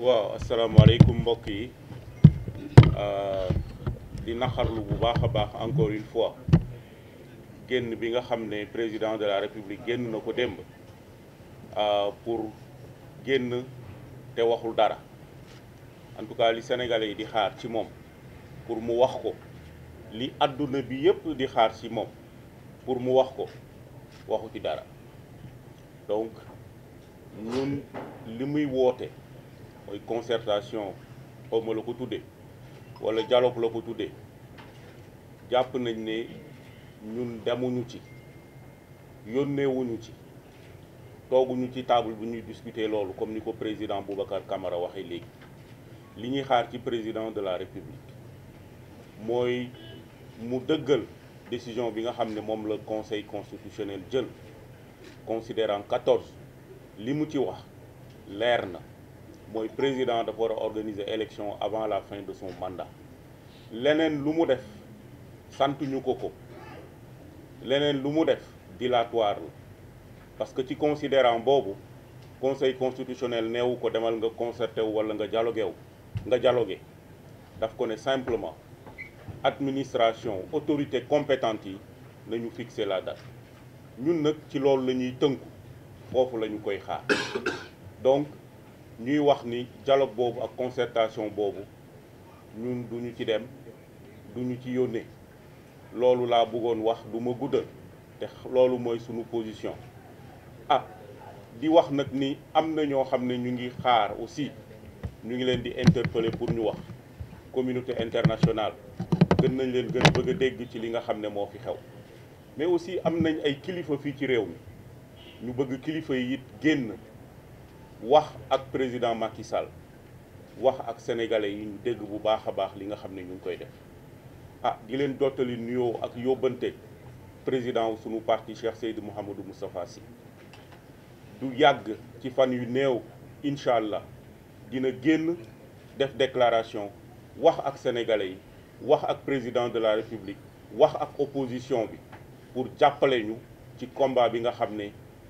waaw asalaamaaleykum mbokk yi euh, di naxarlu bu baax baax encore une fois genn bi nga xamné président de la république genn nako ko euh, pour genn té waxul dara en tout cas li sénégalais yi di xaar ci mom pour mu wax ko li aduna bi yépp di xaar ci mom pour mu wax ko waxu ci dara donc ñun li muy concertation xaw le dialogue la ko nañ ne nous demuñu ci Nous ci table discuter comme président Boubacar Camara ligne li président de la république Nous décision conseil constitutionnel considérant 14 li mu le président doit organiser l'élection avant la fin de son mandat L'ENEN lu mu def santuñu ko dilatoire parce que tu en en le conseil constitutionnel ne pas demal nga concerté ou wala nga dialogué dialoguer nga dialogué daf simplement administration autorité compétente nous nous fixer la date Nous ne sommes pas là pour nous faire. koy donc ñuy wax ni dialogue boobu ak concertation boobu ñun duñu ci dem duñu ci yónnee loolu laa bëggoon wax duma guddal té lolu moy suñu position ah di wax nak ni amna ño xamné ñu ngi xaar aussi ñu ngi leen di interpeller pour ñu wax communauté internationale gën nañ leen gën bëgg dégg ci li nga xamné ne fi xew mais aussi amnañ ay kilifa fi ci réew mi ñu bëgg kilifa yi it génn wax ak président Macky Sall wax ak sénégalais yi dégg bu baax a li nga xam ñu koy def ah di leen président parti Cheikh Seydou Mouhamadou Moustapha Sy du yàgg ci fan yu néew dina génn def déclaration wax ak sénégalais yi wax président de la république wax ak opposition pour jàppale ñu ci combat bi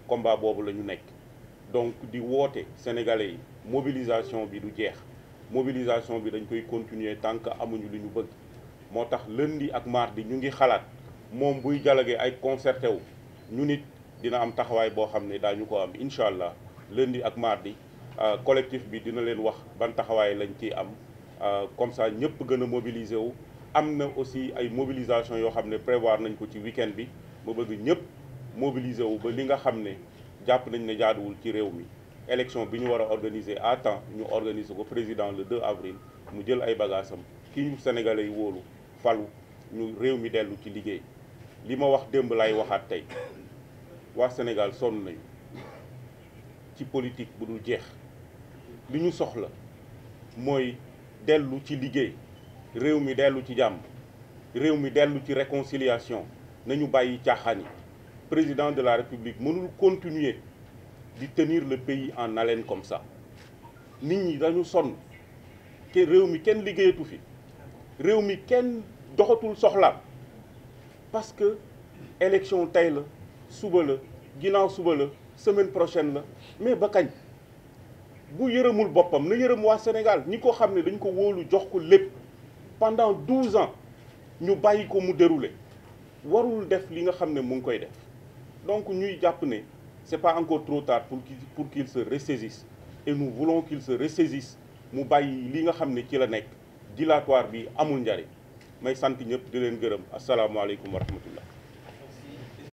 combat la ñu donc di woote sénégalais mobilisation bi du jeex mobilisation bi dañ koy continuer tant que amuñu luñu bëgg Motax lundi ak mardi ñu ngi xalat mom buy dialoguer ay concerté wu ñu nit dina am taxaway bo xamné dañu ko am inshallah lundi ak mardi euh, collectif bi dina leen wax ban taxaway lañ ci am euh, comme ça ñëpp gëna mobiliser wu amna aussi ay mobilisation yo xamné ne prévoir nañ ko ci week-end bi mo bëgg ñëpp mobiliser wu ba li nga xamné jàpp nañ ne jaaduwul ci réew mi élection bi ñu war a organiser à temps ñu organiser ko président le deux avril mu jël ay bagaasam ki ñu sénégalais yi wóolu falu ñu réew mi dellu ci liggéey li ma wax démb lay waxaat tey waa Sénégal sonn nañu ci politique bu dul jeex li ñu soxla mooy dellu ci liggéey réew mi dellu ci jàmm réew mi dellu ci réconciliation nañu bàyyi caaxaan yi président de la République mënul continuer di tenir le pays en haleine comme ça nit ñi dañu sonn te réew mi kenn liggéeyatu fi réew mi kenn doxatul parce que élection tey la suba la ginnaaw suba semaine prochaine la mais ba kañ bu yërëmul bopam, na yërëm waa Sénégal ñi ko xam ne dañ ko wolu, jox ko lépp pendant douze ans ñu bàyyi ko mu dérouler warul def li nga xam ne mu koy def donc ñuy japonais, ce c'est pas encore trop tard pour qu'ils se ressaisissent et nous voulons qu'ils se ressaisissent. mu bàyyi li nga xam ne la dilatoire bi amul njariñ may sant di wa rahmatullah